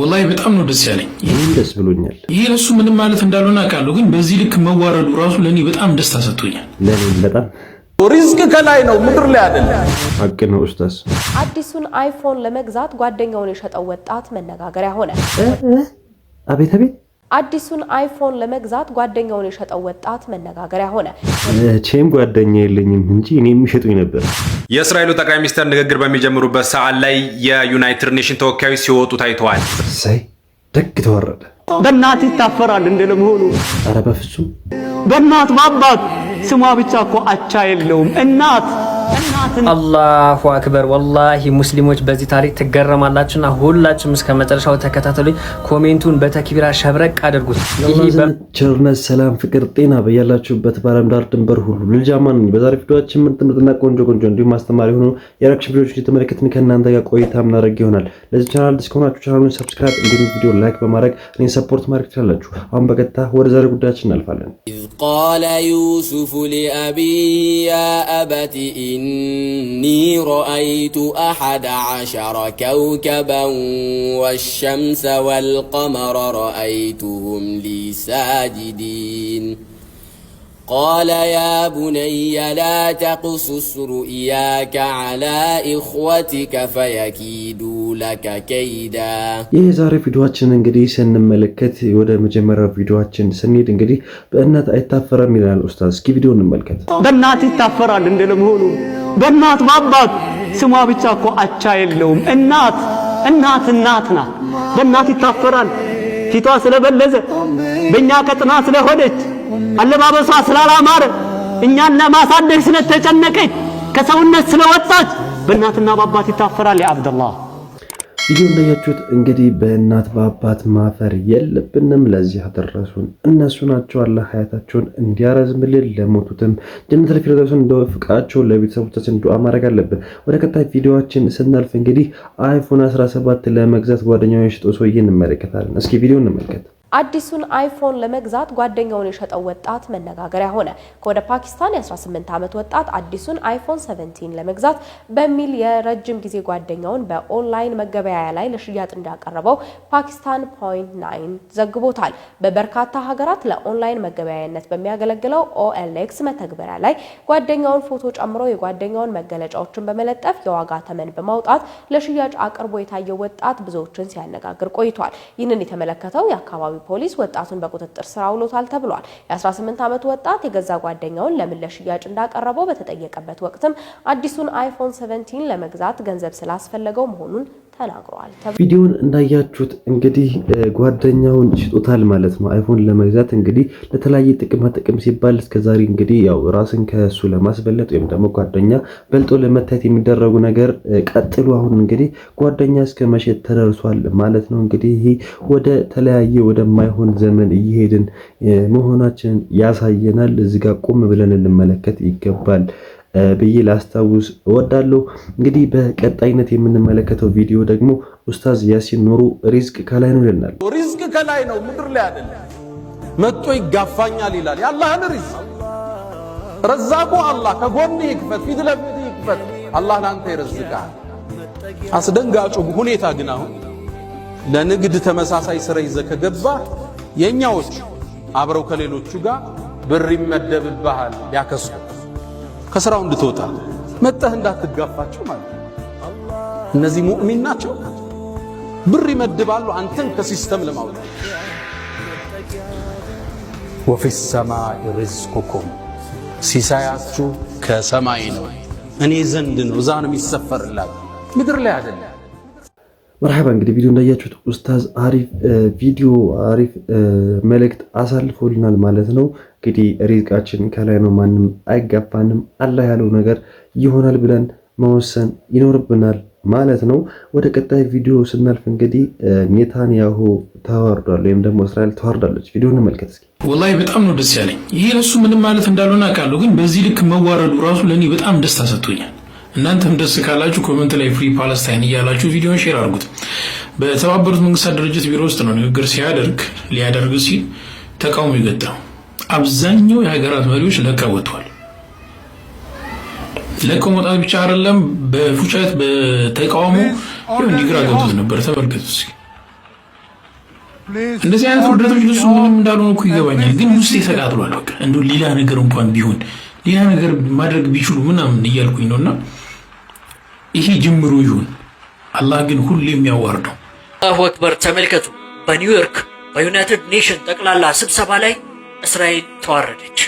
ወላሂ በጣም ነው ደስ ያለኝ። ይህም ደስ ብሎኛል። ይሄ ለሱ ምንም ማለት እንዳልሆነ አውቃለሁ፣ ግን በዚህ ልክ መዋረዱ ራሱ ለእኔ በጣም ደስታ ሰጥቶኛል። ለእኔም በጣም ሪዝቅ ከላይ ነው፣ ምድር ላይ አይደለም። ሀቅ ነው ኡስታዝ። አዲሱን አይፎን ለመግዛት ጓደኛውን የሸጠው ወጣት መነጋገሪያ ሆነ። አቤት አቤት አዲሱን አይፎን ለመግዛት ጓደኛውን የሸጠው ወጣት መነጋገሪያ ሆነ። ቼም ጓደኛ የለኝም እንጂ እኔ የሚሸጡኝ ነበር። የእስራኤሉ ጠቅላይ ሚኒስትር ንግግር በሚጀምሩበት ሰዓት ላይ የዩናይትድ ኔሽን ተወካዮች ሲወጡ ታይተዋል። ሳይ ደግ ተወረደ። በእናት ይታፈራል እንደ ለመሆኑ። ኧረ በፍጹም በእናት በአባት ስሟ ብቻ እኮ አቻ የለውም እናት አላሁ አክበር። ወላሂ ሙስሊሞች በዚህ ታሪክ ትገረማላችሁና ሁላችሁም እስከ መጨረሻው ተከታተሉኝ። ኮሜንቱን በተክቢራ ሸብረቅ አድርጉት። ቸርነት፣ ሰላም፣ ፍቅር፣ ጤና በያላችሁበት በዓለም ዳር ድንበር ሁሉ ልጃማ ነኝ። በዛሬ ቪዲዮችን ምን ትምህርትና ቆንጆ ቆንጆ እንዲሁም አስተማሪ የሆኑ የረክሽ ቪዲዮች እየተመለከትን ከእናንተ ጋር ቆይታ ምናደርግ ይሆናል። ለዚህ ቻናል አዲስ ከሆናችሁ ቻናሉን ሰብስክራይብ እንዲሁም ቪዲዮ ላይክ በማድረግ እኔን ሰፖርት ማድረግ ትችላላችሁ። አሁን በቀጥታ ወደ ዛሬ ጉዳያችን እናልፋለን። ቃለ ዩሱፍ ሊአቢይ ያ አበቲ إني رأيت أحد عشر كوكبا والشمس والقمر رأيتهم لي ساجدين قال يا بني لا تقصص رؤياك على إخوتك فيكيدوا لك كيدا ይህ የዛሬ ቪዲዮችን እንግዲህ ስንመለከት ወደ መጀመሪያው ቪዲዮችን ስንሄድ እንግዲህ በእናት አይታፈርም ይላል ኡስታዝ። እስኪ ቪዲዮ እንመልከት። በእናት ይታፈራል እንደ ለመሆኑ በእናት በአባት ስሟ ብቻ እኮ አቻ የለውም። እናት እናት እናት ናት። በእናት ይታፈራል ፊቷ ስለበለዘ በእኛ ቀጥና ስለሆነች አለባበሷ ስላላማረ እኛን ለማሳደግ ስለተጨነቀች ከሰውነት ስለወጣች በእናትና በአባት ይታፈራል። የአብደላህ ይህ እንዳያችሁት እንግዲህ በእናት በአባት ማፈር የለብንም። ለዚህ አደረሱን እነሱ ናቸው። አላህ ሀያታቸውን እንዲያረዝምልን ለሞቱትም ጀነተል ፊርደውስን እንደወፍቃቸው ለቤተሰቦቻችን ዱዓ ማድረግ አለብን። ወደ ቀጣይ ቪዲዮችን ስናልፍ እንግዲህ አይፎን 17 ለመግዛት ጓደኛው የሸጠው ሰውዬ እንመለከታለን። እስኪ ቪዲዮ እንመልከት። አዲሱን አይፎን ለመግዛት ጓደኛውን የሸጠው ወጣት መነጋገሪያ ሆነ። ከወደ ፓኪስታን የ18 ዓመት ወጣት አዲሱን አይፎን 17 ለመግዛት በሚል የረጅም ጊዜ ጓደኛውን በኦንላይን መገበያያ ላይ ለሽያጭ እንዳቀረበው ፓኪስታን ፖይንት ናይን ዘግቦታል። በበርካታ ሀገራት ለኦንላይን መገበያያነት በሚያገለግለው ኦኤልኤክስ መተግበሪያ ላይ ጓደኛውን ፎቶ ጨምሮ የጓደኛውን መገለጫዎችን በመለጠፍ የዋጋ ተመን በማውጣት ለሽያጭ አቅርቦ የታየው ወጣት ብዙዎችን ሲያነጋግር ቆይቷል። ይህንን የተመለከተው የአካባቢው ፖሊስ ወጣቱን በቁጥጥር ስር አውሎታል ተብሏል። የ18 ዓመት ወጣት የገዛ ጓደኛውን ለምን ለሽያጭ እንዳቀረበው በተጠየቀበት ወቅትም አዲሱን አይፎን 17 ለመግዛት ገንዘብ ስላስፈለገው መሆኑን ተናግረዋል። ቪዲዮን እንዳያችሁት እንግዲህ ጓደኛውን ሽጦታል ማለት ነው። አይፎን ለመግዛት እንግዲህ ለተለያየ ጥቅማ ጥቅም ሲባል እስከዛሬ እንግዲህ ያው ራስን ከሱ ለማስበለጥ ወይም ደግሞ ጓደኛ በልጦ ለመታየት የሚደረጉ ነገር ቀጥሉ አሁን እንግዲህ ጓደኛ እስከ መሸጥ ተደርሷል ማለት ነው። እንግዲህ ይህ ወደ ተለያየ ወደማይሆን ዘመን እየሄድን መሆናችንን ያሳየናል። እዚጋ ቁም ብለን ልንመለከት ይገባል። ብዬ ላስታውስ እወዳለሁ። እንግዲህ በቀጣይነት የምንመለከተው ቪዲዮ ደግሞ ኡስታዝ ያሲን ኑሩ ሪዝቅ ከላይ ነው ይለናል። ሪዝቅ ከላይ ነው፣ ምድር ላይ አይደለም። መጥቶ ይጋፋኛል ይላል። የአላህን ሪዝቅ ረዛቁ አላህ ከጎን ይክፈት፣ ፊት ለፊት ይክፈት። አላህ ለአንተ ይረዝቃል። አስደንጋጩ ሁኔታ ግን አሁን ለንግድ ተመሳሳይ ስራ ይዘ ከገባ የእኛዎቹ አብረው ከሌሎቹ ጋር ብር ይመደብብሃል ያከስኩት ከስራው እንድትወጣ መጠህ እንዳትጋፋቸው ማለት ነው። እነዚህ ሙእሚን ናቸው። ብር ይመድባሉ አንተን ከሲስተም ለማውጣት። ወፊ ሰማይ ሪዝቁኩም ሲሳያችሁ ከሰማይ ነው፣ እኔ ዘንድ ነው፣ እዛ ነው የሚሰፈርላት ምድር ላይ አይደለም። መርሐባ እንግዲህ ቪዲዮ እንዳያችሁት ኡስታዝ አሪፍ ቪዲዮ አሪፍ መልእክት አሳልፎልናል ማለት ነው። እንግዲህ ሪዝቃችን ከላይ ነው፣ ማንም አይጋባንም። አላህ ያለው ነገር ይሆናል ብለን መወሰን ይኖርብናል ማለት ነው። ወደ ቀጣይ ቪዲዮ ስናልፍ እንግዲህ ኔታንያሁ ተዋርዷል ወይም ደግሞ እስራኤል ተዋርዳለች። ቪዲዮ እንመልከት እስኪ። ወላሂ በጣም ነው ደስ ያለኝ። ይሄ ለሱ ምንም ማለት እንዳልሆነ አውቃለሁ፣ ግን በዚህ ልክ መዋረዱ ራሱ ለእኔ በጣም ደስታ ሰጥቶኛል። እናንተም ደስ ካላችሁ ኮመንት ላይ ፍሪ ፓለስታይን እያላችሁ ቪዲዮን ሼር አድርጉት። በተባበሩት መንግስታት ድርጅት ቢሮ ውስጥ ነው ንግግር ሲያደርግ ሊያደርግ ሲል ተቃውሞ የገጠመው። አብዛኛው የሀገራት መሪዎች ለቀው ወጥተዋል። ለቀው መውጣት ብቻ አይደለም፣ በፉጨት በተቃውሞ እንዲግራ ገብቶት ነበር። ተመልከቱ እስኪ። እንደዚህ አይነት ውርደቶች ልሱ ምንም እንዳልሆነ እኮ ይገባኛል፣ ግን ውስጤ ተቃጥሏል። በቃ ሌላ ነገር እንኳን ቢሆን ሌላ ነገር ማድረግ ቢችሉ ምናምን እያልኩኝ ነው እና ይሄ ጅምሩ ይሁን። አላህ ግን ሁሌ የሚያዋርደው። አላሁ አክበር። ተመልከቱ፣ በኒውዮርክ በዩናይትድ ኔሽን ጠቅላላ ስብሰባ ላይ እስራኤል ተዋረደች።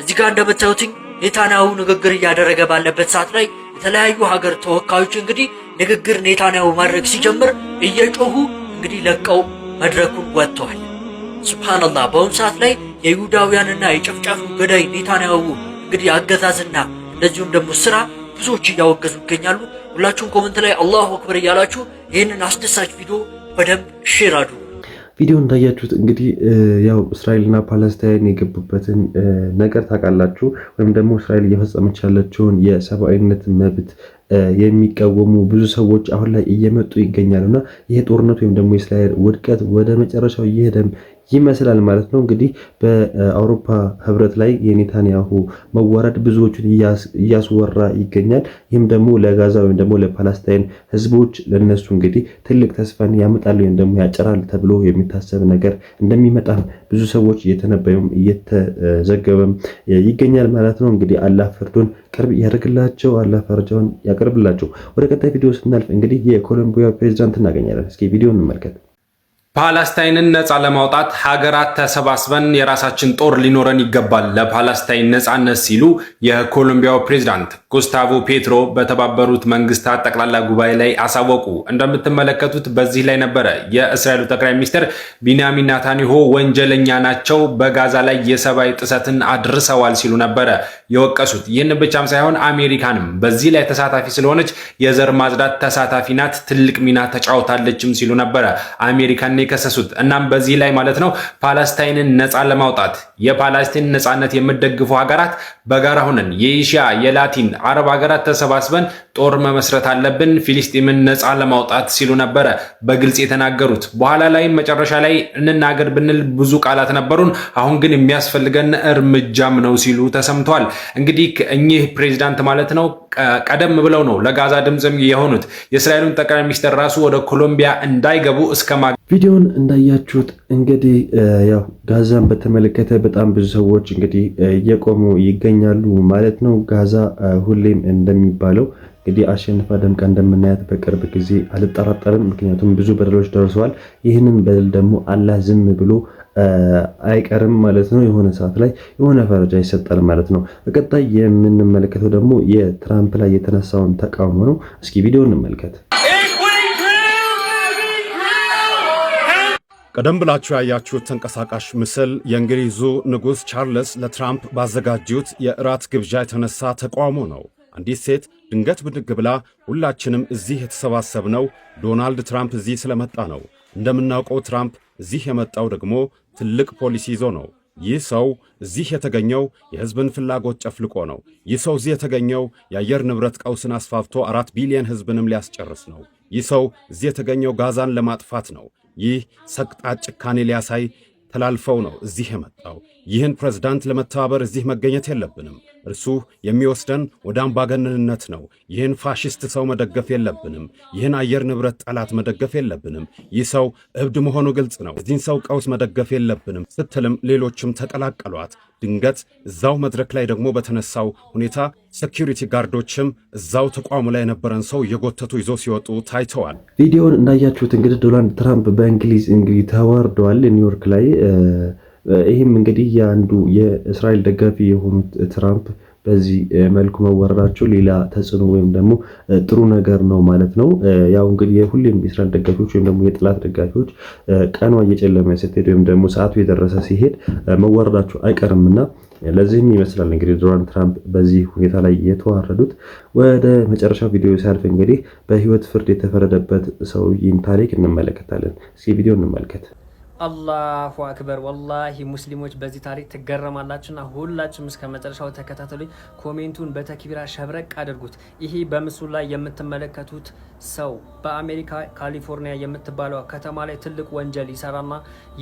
እዚህ ጋር እንደምታዩትኝ ኔታንያሁ ንግግር እያደረገ ባለበት ሰዓት ላይ የተለያዩ ሀገር ተወካዮች እንግዲህ ንግግር ኔታንያሁ ማድረግ ሲጀምር እየጮሁ እንግዲህ ለቀው መድረኩን ወጥተዋል። ሱብሃነላህ። በአሁኑ ሰዓት ላይ የይሁዳውያንና የጨፍጫፊ ገዳይ ኔታንያሁ እንግዲህ አገዛዝና እንደዚሁም ደግሞ ስራ ብዙዎች እያወገዙ ይገኛሉ። ሁላችሁም ኮመንት ላይ አላሁ አክበር እያላችሁ ይህንን አስደሳች ቪዲዮ በደንብ ሼር አድርጉ። ቪዲዮ እንዳያችሁት እንግዲህ ያው እስራኤልና ፓለስታይን የገቡበትን ነገር ታውቃላችሁ። ወይም ደግሞ እስራኤል እየፈጸመች ያለችውን የሰብአዊነት መብት የሚቃወሙ ብዙ ሰዎች አሁን ላይ እየመጡ ይገኛሉ እና ይህ ጦርነት ወይም ደግሞ የእስራኤል ውድቀት ወደ መጨረሻው እየሄደም ይመስላል ማለት ነው። እንግዲህ በአውሮፓ ህብረት ላይ የኔታንያሁ መዋረድ ብዙዎቹን እያስወራ ይገኛል። ይህም ደግሞ ለጋዛ ወይም ደግሞ ለፓላስታይን ህዝቦች ለነሱ እንግዲህ ትልቅ ተስፋን ያመጣል ወይም ደግሞ ያጭራል ተብሎ የሚታሰብ ነገር እንደሚመጣም ብዙ ሰዎች እየተነበዩም እየተዘገበም ይገኛል ማለት ነው። እንግዲህ አላህ ፍርዱን ቅርብ ያደርግላቸው፣ አላህ ፈረጃውን ያቀርብላቸው። ወደ ቀጣይ ቪዲዮ ስናልፍ እንግዲህ የኮሎምቢያ ፕሬዚዳንት እናገኛለን። እስኪ ቪዲዮ እንመልከት። ፓለስታይንን ነፃ ለማውጣት ሀገራት ተሰባስበን የራሳችን ጦር ሊኖረን ይገባል፣ ለፓላስታይን ነፃነት ሲሉ የኮሎምቢያው ፕሬዝዳንት ጉስታቮ ፔትሮ በተባበሩት መንግስታት ጠቅላላ ጉባኤ ላይ አሳወቁ። እንደምትመለከቱት በዚህ ላይ ነበረ የእስራኤሉ ጠቅላይ ሚኒስትር ቢንያሚን ናታኒሆ ወንጀለኛ ናቸው፣ በጋዛ ላይ የሰብአዊ ጥሰትን አድርሰዋል ሲሉ ነበረ የወቀሱት። ይህን ብቻም ሳይሆን አሜሪካንም በዚህ ላይ ተሳታፊ ስለሆነች የዘር ማጽዳት ተሳታፊ ናት፣ ትልቅ ሚና ተጫውታለችም ሲሉ ነበረ አሜሪካን የከሰሱት። እናም በዚህ ላይ ማለት ነው ፓለስታይንን ነፃ ለማውጣት የፓለስቲን ነፃነት የምደግፉ ሀገራት በጋራ ሆነን የኤሽያ የላቲን አረብ ሀገራት ተሰባስበን ጦር መመስረት አለብን፣ ፊሊስጢምን ነፃ ለማውጣት ሲሉ ነበረ በግልጽ የተናገሩት። በኋላ ላይም መጨረሻ ላይ እንናገር ብንል ብዙ ቃላት ነበሩን፣ አሁን ግን የሚያስፈልገን እርምጃም ነው ሲሉ ተሰምተዋል። እንግዲህ እኚህ ፕሬዚዳንት ማለት ነው ቀደም ብለው ነው ለጋዛ ድምፅም የሆኑት የእስራኤሉን ጠቅላይ ሚኒስትር ራሱ ወደ ኮሎምቢያ እንዳይገቡ እስከ ቪዲዮን እንዳያችሁት እንግዲህ ያው ጋዛን በተመለከተ በጣም ብዙ ሰዎች እንግዲህ እየቆሙ ይገኛሉ ማለት ነው። ጋዛ ሁሌም እንደሚባለው እንግዲህ አሸንፋ ደምቃ እንደምናያት በቅርብ ጊዜ አልጠራጠርም። ምክንያቱም ብዙ በደሎች ደርሰዋል። ይህንን በደል ደግሞ አላህ ዝም ብሎ አይቀርም ማለት ነው። የሆነ ሰዓት ላይ የሆነ ፈረጃ ይሰጣል ማለት ነው። በቀጣይ የምንመለከተው ደግሞ የትራምፕ ላይ የተነሳውን ተቃውሞ ነው። እስኪ ቪዲዮ እንመልከት። ቀደም ብላችሁ ያያችሁት ተንቀሳቃሽ ምስል የእንግሊዙ ንጉሥ ቻርልስ ለትራምፕ ባዘጋጁት የእራት ግብዣ የተነሳ ተቃውሞ ነው። አንዲት ሴት ድንገት ብድግ ብላ ሁላችንም እዚህ የተሰባሰብነው ዶናልድ ትራምፕ እዚህ ስለመጣ ነው። እንደምናውቀው ትራምፕ እዚህ የመጣው ደግሞ ትልቅ ፖሊሲ ይዞ ነው። ይህ ሰው እዚህ የተገኘው የሕዝብን ፍላጎት ጨፍልቆ ነው። ይህ ሰው እዚህ የተገኘው የአየር ንብረት ቀውስን አስፋፍቶ አራት ቢሊየን ሕዝብንም ሊያስጨርስ ነው። ይህ ሰው እዚህ የተገኘው ጋዛን ለማጥፋት ነው። ይህ ሰቅጣጭ ጭካኔ ሊያሳይ ተላልፈው ነው እዚህ የመጣው። ይህን ፕሬዝዳንት ለመተባበር እዚህ መገኘት የለብንም። እርሱ የሚወስደን ወደ አምባገነንነት ነው። ይህን ፋሽስት ሰው መደገፍ የለብንም። ይህን አየር ንብረት ጠላት መደገፍ የለብንም። ይህ ሰው እብድ መሆኑ ግልጽ ነው። እዚህን ሰው ቀውስ መደገፍ የለብንም ስትልም ሌሎችም ተቀላቀሏት። ድንገት እዛው መድረክ ላይ ደግሞ በተነሳው ሁኔታ ሴኪሪቲ ጋርዶችም እዛው ተቋሙ ላይ የነበረን ሰው እየጎተቱ ይዞ ሲወጡ ታይተዋል። ቪዲዮን እንዳያችሁት እንግዲህ ዶናልድ ትራምፕ በእንግሊዝ እንግዲህ ተዋርደዋል ኒውዮርክ ላይ ይህም እንግዲህ የአንዱ የእስራኤል ደጋፊ የሆኑት ትራምፕ በዚህ መልኩ መወረራቸው ሌላ ተጽዕኖ ወይም ደግሞ ጥሩ ነገር ነው ማለት ነው። ያው እንግዲህ የሁሌም የእስራኤል ደጋፊዎች ወይም ደግሞ የጥላት ደጋፊዎች ቀኗ እየጨለመ ስትሄድ ወይም ደግሞ ሰዓቱ የደረሰ ሲሄድ መወረራቸው አይቀርም እና ለዚህም ይመስላል እንግዲህ ዶናልድ ትራምፕ በዚህ ሁኔታ ላይ የተዋረዱት። ወደ መጨረሻው ቪዲዮ ሲያልፍ እንግዲህ በህይወት ፍርድ የተፈረደበት ሰውዬን ታሪክ እንመለከታለን። እስኪ ቪዲዮ እንመልከት። አላሁ አክበር ወላሂ ሙስሊሞች በዚህ ታሪክ ትገረማላችሁና ሁላችሁም እስከ መጨረሻው ተከታተሉ። ኮሜንቱን በተክቢራ ሸብረቅ አድርጉት። ይሄ በምስሉ ላይ የምትመለከቱት ሰው በአሜሪካ ካሊፎርኒያ የምትባለው ከተማ ላይ ትልቅ ወንጀል ይሰራና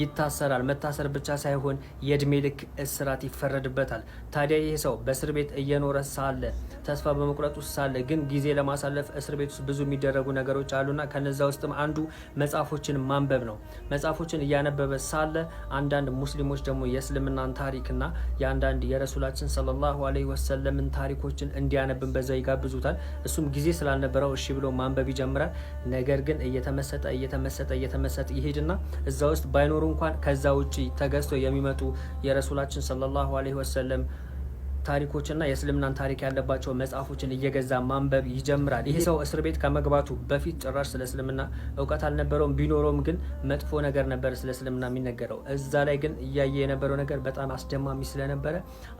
ይታሰራል። መታሰር ብቻ ሳይሆን የእድሜ ልክ እስራት ይፈረድበታል። ታዲያ ይህ ሰው በእስር ቤት እየኖረ ሳለ ተስፋ በመቁረጥ ውስጥ ሳለ ግን ጊዜ ለማሳለፍ እስር ቤት ውስጥ ብዙ የሚደረጉ ነገሮች አሉና ከነዛ ውስጥም አንዱ መጽሐፎችን ማንበብ ነው። መጽሐፎችን እያ እያነበበ ሳለ አንዳንድ ሙስሊሞች ደግሞ የእስልምናን ታሪክና የአንዳንድ የረሱላችን ሰለላሁ አለይሂ ወሰለምን ታሪኮችን እንዲያነብን በዛ ይጋብዙታል። እሱም ጊዜ ስላልነበረው እሺ ብሎ ማንበብ ይጀምራል። ነገር ግን እየተመሰጠ እየተመሰጠ እየተመሰጠ ይሄድና እዛ ውስጥ ባይኖሩ እንኳን ከዛ ውጭ ተገዝቶ የሚመጡ የረሱላችን ሰለላሁ አለይሂ ወሰለም ታሪኮችና የእስልምናን ታሪክ ያለባቸው መጽሐፎችን እየገዛ ማንበብ ይጀምራል። ይህ ሰው እስር ቤት ከመግባቱ በፊት ጭራሽ ስለ እስልምና እውቀት አልነበረውም። ቢኖረውም ግን መጥፎ ነገር ነበር ስለ እስልምና የሚነገረው። እዛ ላይ ግን እያየ የነበረው ነገር በጣም አስደማሚ ስለነበረ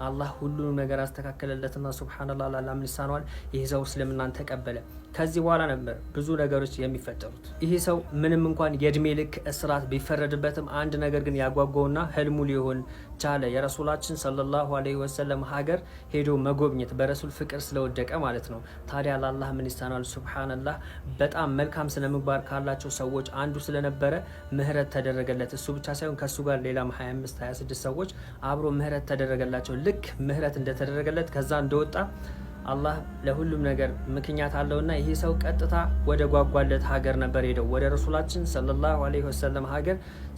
አላህ ሁሉንም ነገር አስተካከለለትና ሱብሓነላህ ላምን ይሳነዋል። ይህ ሰው እስልምናን ተቀበለ። ከዚህ በኋላ ነበር ብዙ ነገሮች የሚፈጠሩት። ይህ ሰው ምንም እንኳን የእድሜ ልክ እስራት ቢፈረድበትም አንድ ነገር ግን ያጓጓውና ህልሙ ሊሆን ቻለ። የረሱላችን ሰለላሁ አለይሂ ወሰለም ሀገር ሄዶ መጎብኘት በረሱል ፍቅር ስለወደቀ ማለት ነው። ታዲያ ለአላህ ምን ይሳናል? ሱብሃነላህ። በጣም መልካም ስነ ምግባር ካላቸው ሰዎች አንዱ ስለነበረ ምህረት ተደረገለት። እሱ ብቻ ሳይሆን ከእሱ ጋር ሌላም 25 26 ሰዎች አብሮ ምህረት ተደረገላቸው። ልክ ምህረት እንደተደረገለት ከዛ እንደወጣ አላህ ለሁሉም ነገር ምክንያት አለውና ይሄ ሰው ቀጥታ ወደ ጓጓለት ሀገር ነበር ሄደው ወደ ረሱላችን ሰለላሁ አለይሂ ወሰለም ሀገር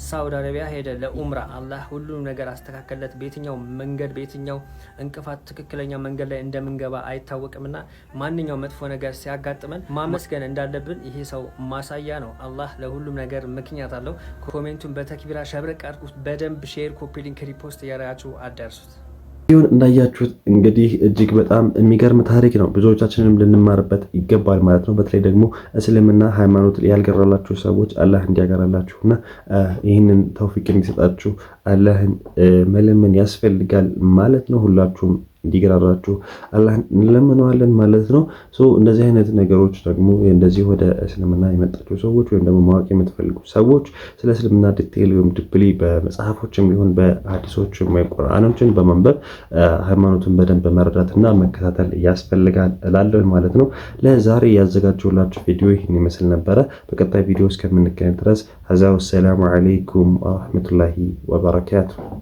ሳውዲ አረቢያ ሄደ ለኡምራ። አላህ ሁሉም ነገር አስተካከለት። በየትኛው መንገድ በየትኛው እንቅፋት ትክክለኛ መንገድ ላይ እንደምንገባ አይታወቅምና ማንኛው መጥፎ ነገር ሲያጋጥመን ማመስገን እንዳለብን ይሄ ሰው ማሳያ ነው። አላህ ለሁሉም ነገር ምክንያት አለው። ኮሜንቱን በተክቢራ ሸብረቅ በደንብ ሼር፣ ኮፒ ሊንክ፣ ሪፖስት እያደረጋችሁ አዳርሱት። ይሁን እንዳያችሁት እንግዲህ እጅግ በጣም የሚገርም ታሪክ ነው። ብዙዎቻችንም ልንማርበት ይገባል ማለት ነው። በተለይ ደግሞ እስልምና ሃይማኖት ያልገራላችሁ ሰዎች አላህ እንዲያገራላችሁ እና ይህንን ተውፊቅ እንዲሰጣችሁ አላህን መለመን ያስፈልጋል ማለት ነው። ሁላችሁም እንዲገራራችሁ አላህን እንለምነዋለን ማለት ነው። እንደዚህ አይነት ነገሮች ደግሞ እንደዚህ ወደ እስልምና የመጣችሁ ሰዎች ወይም ደግሞ ማወቅ የምትፈልጉ ሰዎች ስለ እስልምና ዲቴል ወይም ድብሊ በመጽሐፎችም ይሁን በሀዲሶችም ወይም ቁርአኖችን በማንበብ ሃይማኖቱን በደንብ በመረዳትና መከታተል ያስፈልጋል እላለሁ ማለት ነው። ለዛሬ ያዘጋጀሁላችሁ ቪዲዮ ይህን ይመስል ነበረ። በቀጣይ ቪዲዮ እስከምንገናኝ ድረስ ሀዛ ወሰላሙ አለይኩም ወረህመቱላሂ ወበረካቱ።